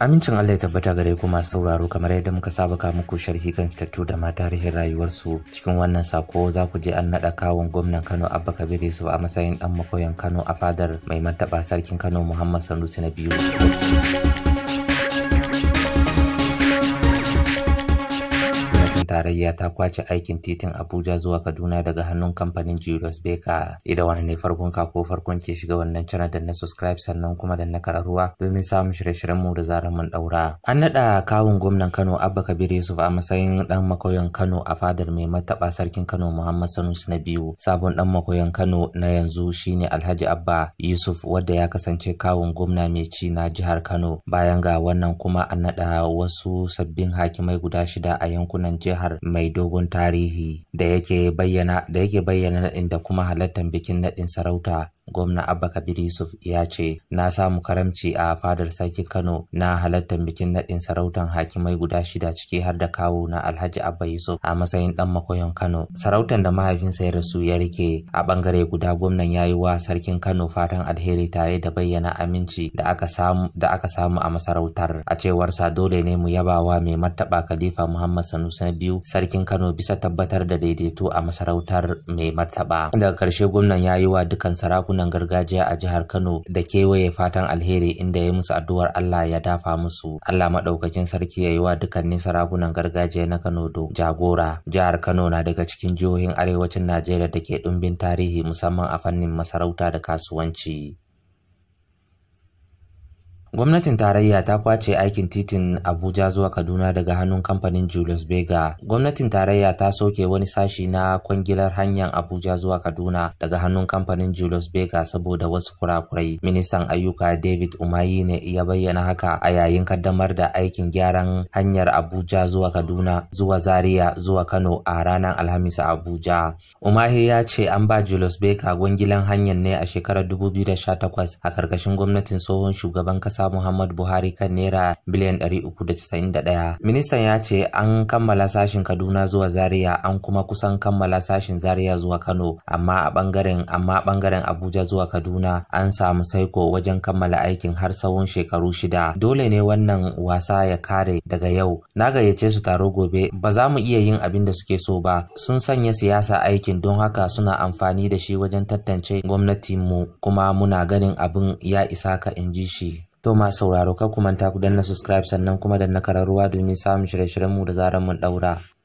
Amincin Allah ya tabbata gare ku masu sauraro kamar yadda muka saba ka muku sharhi kan fitattu da ma tarihin rayuwarsu cikin wannan sako za ku je an naɗa kawun gwamnan Kano Abba Kabir su a matsayin ɗan makoyan Kano a fadar mai martaba sarkin Kano Muhammad Sanusi na biyu. tarayya ta kwace aikin titin Abuja zuwa Kaduna daga hannun kamfanin Julius Beka. Ida wani ne farkon ka ko farkon ke shiga wannan channel da na subscribe sannan kuma da na kararruwa domin samun shirye-shiryen mu da zarar mun daura. An nada kawun gwamnan Kano Abba Kabir Yusuf a matsayin dan makoyan Kano a fadar mai mataba sarkin Kano Muhammad Sanusi na biyu. Sabon dan makoyan Kano na yanzu shine Alhaji Abba Yusuf wanda ya kasance kawun gwamna mai ci na jihar Kano. Bayan ga wannan kuma an nada wasu sabbin hakimai guda shida a yankunan jihar jihar mai dogon tarihi da yake bayyana da yake bayyana naɗin da kuma halartar bikin nadin sarauta gwamna abba kabir yusuf ya ce na samu karamci a fadar sarkin kano na halartar bikin nadin sarautar hakimai guda shida ciki har da kawo na alhaji abba yusuf a matsayin ɗan makoyon kano sarautar da mahaifinsa ya rasu ya rike a bangare guda gwamnan ya yi wa sarkin kano fatan alheri tare da bayyana aminci da aka samu a masarautar a cewarsa dole ne mu yaba wa mai martaba khalifa muhammad sanusi na biyu sarkin kano bisa tabbatar da daidaito a masarautar mai martaba daga karshe, gwamnan ya yi wa dukkan sarakunan sarakunan gargajiya a jihar Kano da kewaye fatan alheri inda ya musu addu'ar Allah ya dafa musu. Allah maɗaukakin sarki ya yi wa dukkanin sarakunan gargajiya na Kano do jagora. Jihar Kano na daga cikin jihohin arewacin Najeriya da ke ɗumbin tarihi musamman a fannin masarauta da kasuwanci. Gwamnatin tarayya ta kwace aikin titin Abuja zuwa Kaduna daga hannun kamfanin Julius Bega. Gwamnatin tarayya ta soke wani sashi na kwangilar hanyar Abuja zuwa Kaduna daga hannun kamfanin Julius Bega saboda wasu kurakurai. Ministan ayyuka David Umayi ne ya bayyana haka a yayin kaddamar da aikin gyaran hanyar Abuja zuwa Kaduna zuwa Zaria zuwa Kano a ranar Alhamis a Abuja. Umahi ya ce an ba Julius Bega gwangilan hanyar ne a shekarar 2018 a karkashin gwamnatin tsohon shugaban kasa kasa Muhammad Buhari kan naira biliyan 391. Ministan ya ce an kammala sashin Kaduna zuwa Zaria an kuma kusan kammala sashin Zaria zuwa Kano amma a bangaren amma bangaren Abuja zuwa Kaduna an samu saiko wajen kammala aikin har tsawon shekaru shida. Dole ne wannan wasa ya kare daga yau. Na gayyace su taro gobe ba za mu iya yin abin da suke so ba. Sun sanya siyasa aikin don haka suna amfani da shi wajen tantance gwamnatinmu kuma muna ganin abin ya isa ka in ji shi. yau masu sauraro kar ku manta ku danna subscribe sannan kuma danna kararruwa domin samun shirye-shiryenmu da zarar mun ɗaura